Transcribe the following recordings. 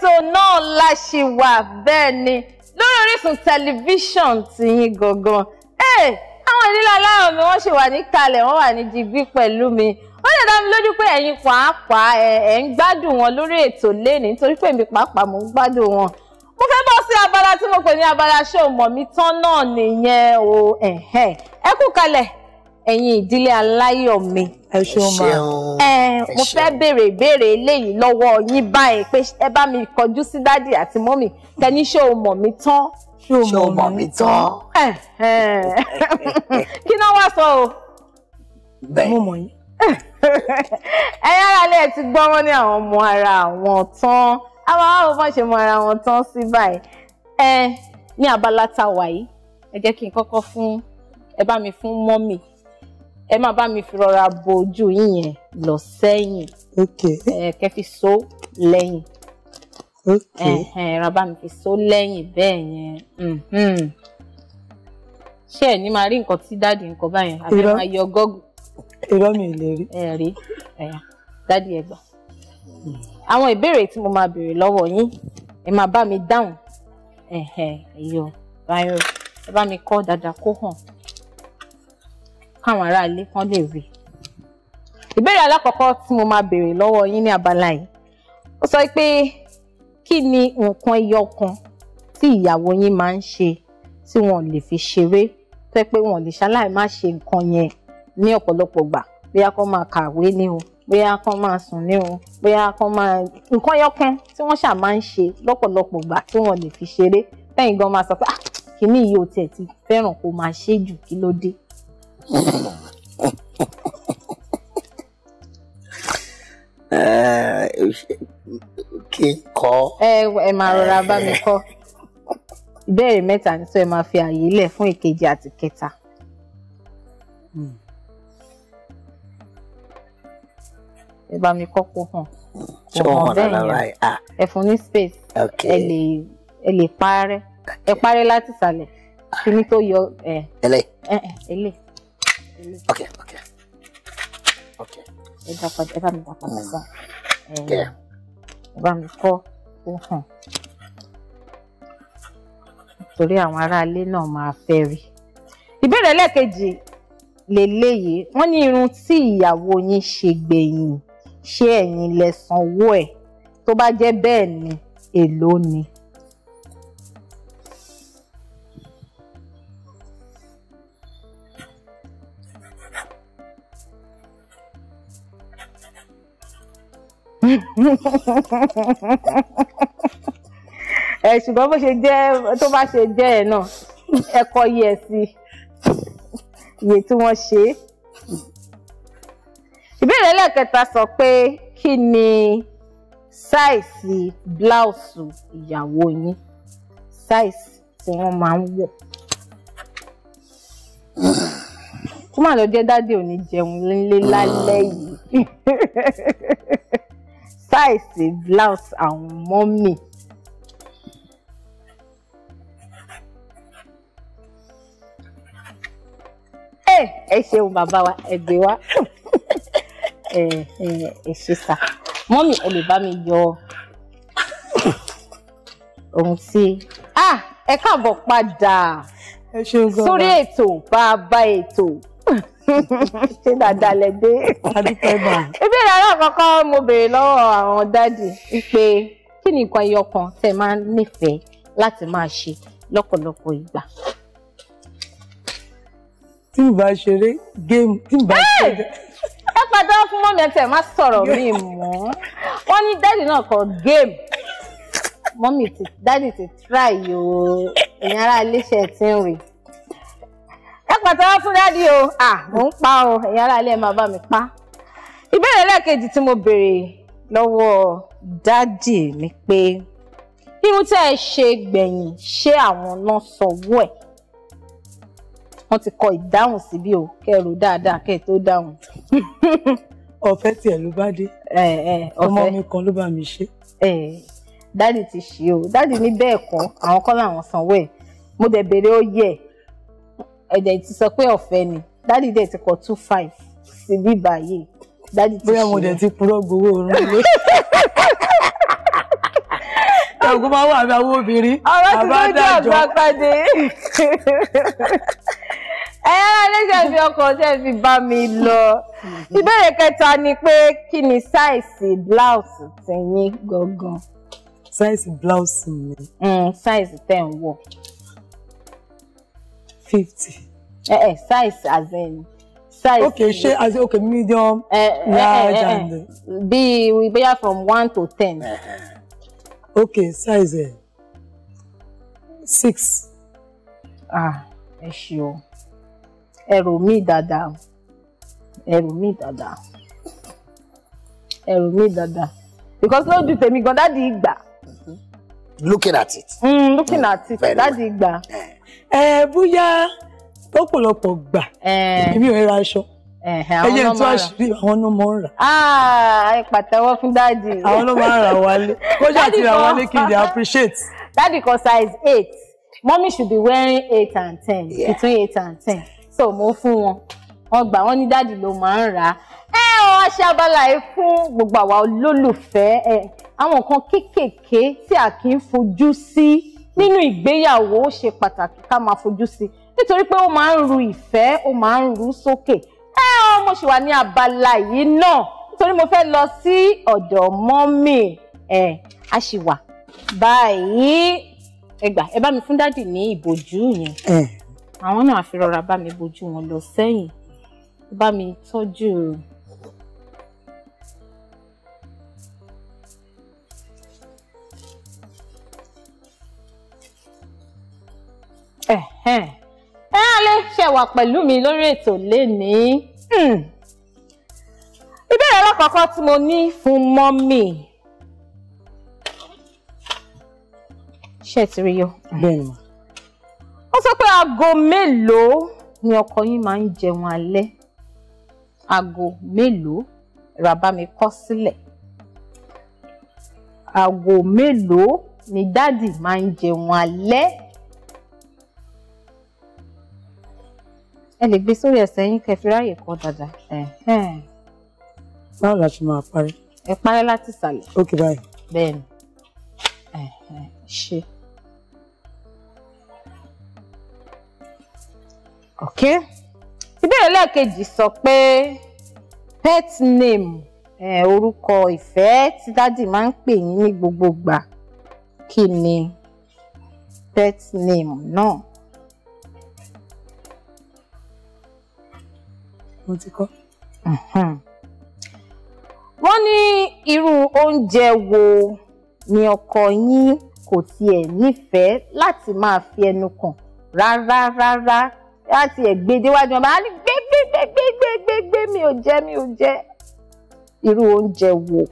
ètò náà la ṣì wà bẹ́ẹ̀ ni lórí Orísun tẹlifíṣàn tìyín gangan àwọn ìdílé aláwọ̀ mi wọ́n ṣì wà ní kalẹ̀ wọ́n wà ní digbí pẹ̀lú mi ó lè dá mi lójú pé ẹ̀yin pàápàá ẹ̀ ń gbádùn wọn lórí ètò lẹ́ni nítorí pé èmi pàápàá mò ń gbádùn wọn mo fẹ́ bọ́ sí abala tí mo pè ní abala ṣé o mọ̀ mi tán náà nìyẹn o ẹ kú kalẹ̀ ẹ̀yin ìdílé aláyọ̀ mi. ẹ ṣeun ma ẹ mo fẹ́ béèrè ìbéèrè eléyìí lọ́wọ́ yín báyìí pé ẹ bá mi kọjú sí dádì àti mọ́mì kẹ́ni ṣé o mọ̀ mí tán. ṣé o mọ̀ mí tán. kí náà wá sọ o. bẹ́ẹ̀ mo mọ̀ yín. ẹ̀yin ara ilé ẹ ti gbọ́ wọn ní àwọn ọmọ ara wọn tán àwọn àwọn ọmọ ṣe mọ ara wọn tán sí báyìí ní abala tá a wà yìí ẹ jẹ́ kí n kọ́kọ́ fún ẹ bá mi fún mọ́mì ẹ máa bá mi fi rọra bo ojú yín yẹn lọ sẹ́yìn kẹ́ fi so lẹ́yìn rọra bá mi fi so lẹ́yìn bẹ́ẹ̀ yẹn ṣé ẹ ní máa rí nǹkan tí dáàdi nǹkan báyẹn àbí máa yọ gọ́gù. irọ́ mi ò lè rí. ẹ rí dáàdi ẹ gbà. àwọn ìbéèrè tí mo máa béèrè lọ́wọ́ yín ẹ máa bá mi dáhùn ẹ̀yọ̀ báyọ̀ ẹ bá mi kọ́ dáadáa kó hàn káwọn aráalé kan lè rí ìbéèrè alákọ̀ọ́kọ́ tí mo máa béèrè lọ́wọ́ yín ní abala yìí ó sọ pé kí ni nǹkan ẹyọ kan tí ìyàwó yín máa ń ṣe tí wọn lè fi ṣeré tó pé wọn lè ṣaláì má ṣe nǹkan yẹn ní ọ̀pọ̀lọpọ̀ gbà bóyá kó máa kàwé ni o bóyá kó máa sùn ni o bóyá kó máa nǹkan ẹyọ kan tí wọ́n ṣà máa ń ṣe lọ́pọ̀lọpọ̀ gbà tí wọn lè fi ṣeré tẹ́yìn gan máa sọ pé ah kìíní yìí ò tiẹ̀ ti fẹ́ràn kó máa ṣe jù kí ló dé kí n kọ. ẹ ẹ máa rọra bá mi kọ ìbéèrè mẹ́ta ní sọ ẹ máa fi àyè lẹ̀ fún ìkejì àti kẹta. Hmm. ẹ bá mi kọ́ kó hàn kó hàn bẹ́ẹ̀ yẹn ah. ẹ fún ní space ẹ lè ẹ lè parẹ́ ẹ parẹ́ láti ìsàlẹ̀ ah. kíní tó yọ ẹ ẹlẹ́ Okay, okay. Okay. Ẹ dá padà, ẹ bá mi dá padà sá. Ẹ bá mi kọ́ ó hàn. Torí àwọn aráalé náà máa fẹ́ rí. Ìbéèrè lẹ́ẹ̀kejì lélẹ́yìí, wọ́n ní irun tí ìyàwó yín ṣe gbẹ̀yìn, ṣé ẹ̀yin lẹ sanwó ẹ̀? Tó bá jẹ́ bẹ́ẹ̀ ni, èló ni? ẹ ṣùgbọ́n bó ṣe jẹ́ tó bá ṣe jẹ́ ẹ̀ náà ẹ̀kọ́ yẹ sí iye tí wọ́n ṣe. ìbéèrè ẹlẹ́kẹta sọ pé kí ni sáìsì bláùsù ìyàwó yín sáìsì tí wọ́n máa ń wọ̀. kó má lọ jẹ́ dáàdì ò jẹun nílé lálẹ́ yìí. láìsí blouse àwọn mọ́mì. Eh, ẹ ṣeun bàbá wa ẹgbẹ́ wa eh, eh, ẹ ṣe sá mọ́mì ẹ lè bá mi yọ ohun tí ah, ẹ káàbọ̀ padà sórí ètò bàbá ètò. ṣé dáadáa lẹ dé. ìbéèrè alákọ̀ọ́kọ́ mo béèrè lọ́wọ́ àwọn dáàdì pé kí ni nǹkan ẹyọ kan tẹ́ máa ń nífẹ̀ẹ́ láti máa ṣe lọ́pọ̀lọpọ̀ ìgbà. tí n bá ṣeré géèmù tí n bá ṣeré ẹ padà fún mọ́mí ẹtẹ̀ má sọ̀rọ̀ mi mọ́ wọ́n ní dáàdì náà kọ géèmù mọ́mí dáàdì ti tíráì yòó ìyára iléeṣẹ́ ti ń rìn pàtàkì fún dádì o à mò ń pa o ẹ̀yin aláàlẹ́ máa bá mi pa. ìbéèrè lẹ́ẹ̀kejì tí mo béèrè lọ́wọ́ dádì ni pé irun tẹ́ ẹ ṣe gbẹ̀yìn ṣé àwọn náà sanwó ẹ̀ wọ́n ti kọ ìdáhùn síbí o kẹ́rù dáadáa kẹ́ tó dáhùn. ọ̀fẹ́ tiẹ̀ ló bá dé ọmọ mi kan ló bá mi ṣe. dádì ti ṣe o dádì ní bẹ́ẹ̀ kọ́ àwọn kọ́ làwọn sanwó ẹ̀ mo dẹ̀ béèrè ó yẹ ẹ̀dẹ̀ ti sọ pé ọ̀fẹ́ ni dáàdì dẹ̀ ti kọ two five sí bí báyìí dáàdì ti ṣe. bóyá mo dẹ̀ ti purọ́ gbowó oorun lé. ẹ̀gún máa wà ní àwọn obìnrin. ọ̀rọ̀ ti ló jẹ́ ọ̀gá pàdé. ẹ̀yà ẹlẹ́sẹ̀ fi ọkọ̀ tẹ́ fi bá mi lọ. ìbéèrè kẹta ni pé kí ni sáìsì blouse tẹ̀yìn gangan. sáìsì blouse mi. Mm, sáìsì tẹ̀ ń wọ̀ fifty. ẹ eh, ẹ eh, size as in size. Okay, ṣe as in ok medium eh, eh large eh, eh, and. bí bóyá from one to ten. Okay, size ẹ six. ah ẹ ṣe o ẹrù mi dada. ẹrù mi dada. ẹrù mi dáadáa because lójú tèmi gan dáàdi ìgbà. looking at it. Mm, looking mm, at it dáàdi ìgbà. Yeah ẹ bóyá lọ́pọ̀lọpọ̀ gbà èmi ò ra aṣọ ẹyẹ tó àṣírí àwọn náà máa ń rà. Ah, pàtẹ́wọ́ fún dáàdì. àwọn náà máa ń rà wálé kọjá àti rà wálé kí n dey appreciate. dáàdì kan size eight mommy should be wearing eight and ten yeah. between eight and ten so mo fún wọn wọn gbà wọn ní dáàdì ló máa ń rà á ẹ ọ aṣẹ abala yìí fún gbogbo àwa olólùfẹ́ ẹ àwọn nǹkan kéékèèké tí a kì í fojú sí. Si nínú ìgbéyàwó ó ṣe pàtàkì ká máa fojú sí nítorí pé ó máa ń ru ìfẹ́ ó máa ń ru sókè ẹ ọ mo ṣì wà ní abala yìí náà nítorí mo fẹ́ lọ sí ọ̀dọ̀ mọ́mì ẹ a ṣì wà báyìí ẹ gbà ẹ bá mi fún dádì ní ìbòjú yẹn àwọn náà àfi rọra bá mi bójú wọn lọ sẹ́yìn bá mi tọ́jú ẹ alẹ́ ṣe wà pẹ̀lú mi lórí ètò lénìí hmm. ìbéèrè alákọ̀ọ́kọ́ tí mo ní fún mọ́mì ṣe ti rí yọ. bẹ́ẹ̀ni ma. ó sọ pé aago mélòó ni ọkọ yín máa ń jẹun alẹ́ aago mélòó ràbá mi kọ sílẹ̀ aago mélòó ni dádì máa ń jẹun alẹ́ ẹ lè gbé sórí ẹsẹ̀ yín kẹ́ fi ráàyè kọ dáadáa. báwo la ṣe máa parí. ẹ parí láti ìsàlẹ̀. ok báyìí. bẹ́ẹ̀ni ṣe. ok ìbéèrè lẹ́ẹ̀kejì sọ pé pet name orúkọ ìfẹ́ tí dádì máa ń pè yín ní gbogbo ìgbà kí ni pet name náà. No. mo ti kọ́. wọ́n ní irú oúnjẹ wo ni ọkọ yín kò tiẹ̀ nífẹ̀ẹ́ láti máa fi ẹnu kàn rárá rárá láti ẹ̀ gbé déwájú ọba á ní gbé gbé gbé mi ò jẹ mi ò jẹ irú oúnjẹ wo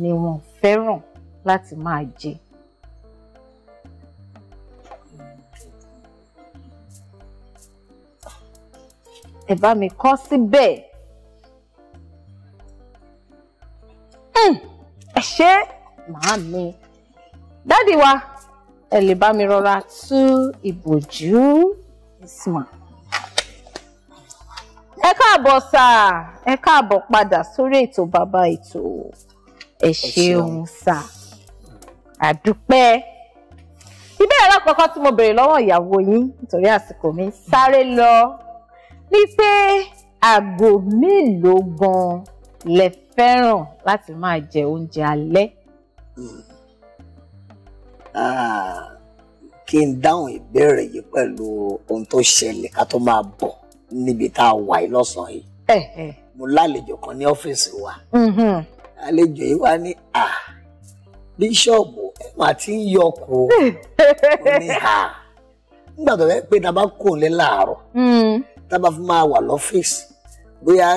ni wọ́n fẹ́ràn láti máa jẹ. ẹ bá mi kọ síbẹ̀. Hmm, ẹ ṣe màámi dádì wa ẹ lè bá mi rọra tú ìbòjú ìsìnmà. ẹ káàbọ̀ sáà ẹ káàbọ̀ padà sórí ètò bàbá ètò ẹ ṣeun sáà àdúpẹ́ ìbéèrè alákọ̀ọ́kọ́ tí mo béèrè lọ́wọ́ ìyàwó yín nítorí àsìkò mi sáré lọ wípé aago mélòó gan-an lẹ fẹ́ràn láti máa jẹ oúnjẹ alẹ́. Hmm. Ah, kí n dáhùn ìbéèrè yìí pẹ̀lú ohun tó ṣẹlẹ̀ ká tó máa bọ̀ níbi tá a wà yìí lọ́sàn-án yìí. mo lálejò kan ní ọ́fíìsì wa. Mm-hmm. àlejò yìí wá ní à ah, bíṣọ̀bù ẹ̀ máa ti ń yọkù ó ní ah. nígbà tó fẹ́ pé tá bá kò ní láàárọ̀. Mm tábà fún máa wà lọ́fíìsì bóyá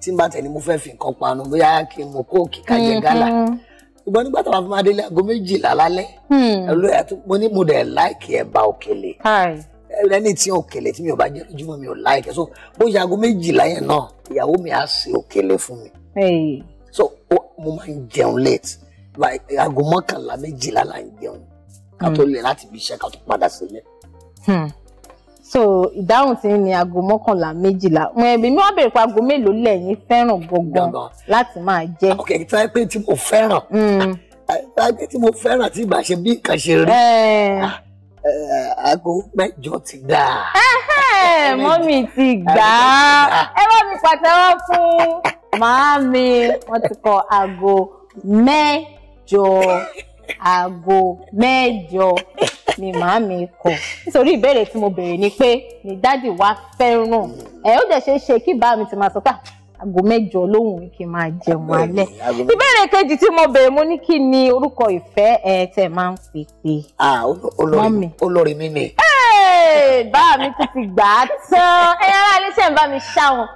tí n bá tẹ̀ ni mo fẹ́ fi nǹkan panu bóyá kí n mú kóòkì ká jẹ mhm. gálà ṣùgbọ́n nígbà tábà fún máa délé aago méjìlá lálẹ́ hmm. mo ní mo dẹ̀ láìkì ẹ̀bà òkèlè ẹni tí òkèlè tí mi ò bá jẹ lójúmọ́ mi ò láìkì so bó ṣe aago méjìlá yẹn náà ìyàwó mi á ṣe òkèlè fún mi so mo máa ń jẹun late aago mọ́kànlá méjìlá là ń jẹun ká tó hmm. lè láti fi iṣẹ́ ká tó padà sílẹ̀. Hmm so ìdáhùn tí ní aago mọ́kànlá méjìlá wọn ẹbí mi wá bèrè pé aago mélòó lẹ́yìn fẹ́ràn gangan láti máa jẹ. ok táyé pé tí mo fẹ́ràn mm. ah, táyé pé tí mo fẹ́ràn tí ìgbà ṣe bí nǹkan ṣe rí eh. Ah, eh, aago mẹ́jọ ti dà. mọ́mì ti gbà á ẹ bá mi pàtẹ́wọ́ fún màámi wọ́n ti kọ aago mẹ́jọ aago mẹ́jọ ni màá mi kọ̀ nítorí ìbéèrè tí mo béèrè ni pé ni dádì wa fẹ́ràn ẹ ó dẹ̀ ṣeé ṣe kí bàá mi ti máa sọ pé ah, aago mẹ́jọ lóhùn kí n máa jẹun alẹ́ ìbéèrè kejì tí mo béèrè mo ní kí ni orúkọ ìfẹ́ ẹ tẹ́ máa ń pè pé mọ́mì olórí mi ni bá mi ti ti gbà á tán ẹ̀yin ará ilé iṣẹ́ ń bá mi ṣáwọn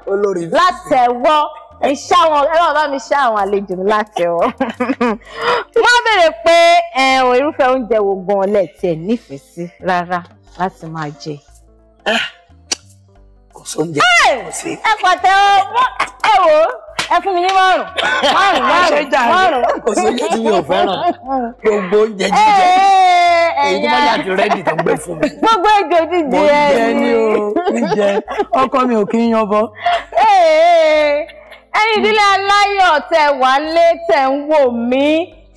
látẹ̀wọ́ ẹ ṣá wọn ẹ bá mi ṣá àwọn àlejò mi láti ọ wọn béèrè pé ẹ ò irúfẹ́ oúnjẹ wo gan lẹ tiẹ̀ nífẹ̀ẹ́ sí rárá láti máa jẹ. Ah, kò sóúnjẹ kò sí. ẹ pàtẹ ọ ẹ wò ó ẹ fún mi ní márùn márùn márùn márùn. kò sóúnjẹ tí mi ò fẹ́ràn gbogbo oúnjẹ jíjẹ èyí tó bá yà ti rẹ́dì tó ń gbé fún mi. gbogbo ẹjọ ti jẹ ẹ ní. mo jẹ ní o ní jẹ ọkọ mi ò kí ń yan bọ ẹ̀yin ìdílé aláyọ̀ tẹ wà lé tẹ ń wò mí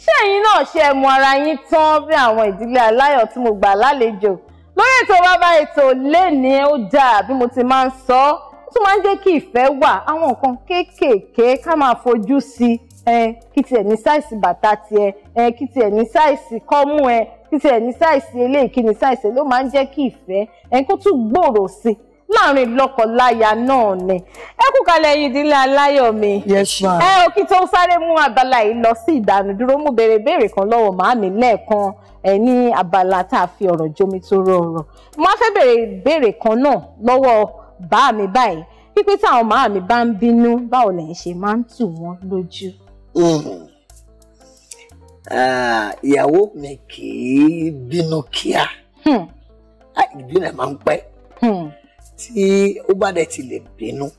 ṣé ẹ̀yin náà ṣe mọ ara yín tán bí àwọn ìdílé aláyọ̀ tí mo gbà lálejò lórí ètò bàbá ètò lénìí ó dáa bí mo ti máa ń sọ ọ́ ó tún máa ń jẹ́ kí ìfẹ́ wà àwọn nǹkan kéékèèké ká máa fojú sí kí tiẹ̀ ní sáìsì bàtà tiẹ̀ kí tiẹ̀ ní sáìsì kọ́mú ẹ kí tiẹ̀ ní sáìsì eléyìí kí ní sáìsì ló máa ń jẹ́ kí ìfẹ́ kó tún gbòòrò sí i láàrin lọ́kọláya náà ni ẹ kú kalẹ̀ yìí ìdílé aláyọ̀ mi yes ma ẹ ò kí tó ń sáré mú abala yìí lọ sí ìdánudúró mú béèrè béèrè kan lọ́wọ́ màámi lẹ́ẹ̀kan ẹ ní abala tá a fi ọ̀rọ̀ jomi tó rọrọ mo máa fẹ́ béèrè kan náà lọ́wọ́ bá mi báyìí pípé táwọn màámi bá ń bínú báwo lẹ̀yin ṣe máa ń tù wọ́n lójú. Ah, ìyàwó mi kì í bínú kíá hmm. ah, ìbínú ẹ̀ máa ń pẹ́. Hmm tí ó bá dẹ̀ ti lè bínú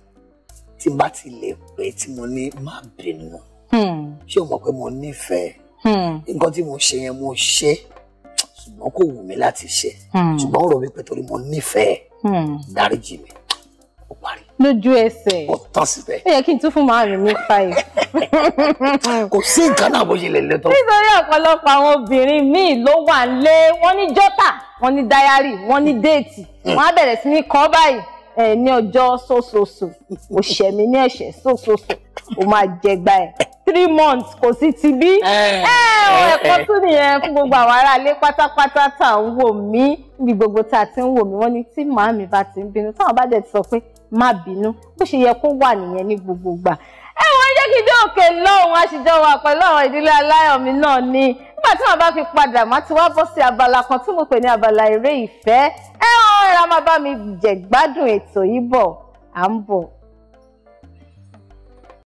tí bá ti lè pẹ́ tí mo ní má bínú hmm. ṣé o mọ̀ pé mo nífẹ̀ẹ́ hmm. nǹkan tí mo ṣe yẹn mo ṣe ṣùgbọ́n kò wù mí láti ṣe hmm. ṣùgbọ́n ó rọ̀ mí pé torí mo nífẹ̀ẹ́ dáríjì mi ó parí. lójú ẹsẹ̀ ó tán síbẹ̀. ó yẹ kí n tún fún màálù mi five. kò sí nǹkan náà bó ṣe lè lè tó. nítorí ọ̀pọ̀lọpọ̀ àwọn obìnrin míì ló wà lé wọ́n ní jọ́tà wọ́n ní dayari wọ́n ní déètì wọ́n á bẹ̀rẹ̀ sí ní kọ́ báyìí ẹ ní ọjọ́ sososo òṣè mi ní ẹ̀ṣẹ̀ sososo ó máa jẹ gba ẹ̀ three months kò sí ti bí ẹ ẹ̀kọ́ tún nìyẹn fún gbogbo àwọn aráalé pátápátá tá à ń wò mí níbi gbogbo tá a ti ń wò mí wọ́n ní tí màámi bá ti ń bínú táwọn bá dẹ̀ ti sọ pé má bínú bó ṣe yẹ kó wà nìyẹn ní gbogbo gbà ẹ jẹ́ kí dé òkè lọ́hùn-ún àṣìjọ wà pẹ̀lú àwọn ìdílé aláyọ̀ mi náà ní nígbà tí màá bá fi padà màá ti wá bọ́ sí abala kan tí mo pè ní abala eré ìfẹ́ ẹ ọ̀rọ̀ máa bá mi jẹ̀gbádùn ètò yìí bọ̀ à ń bọ̀.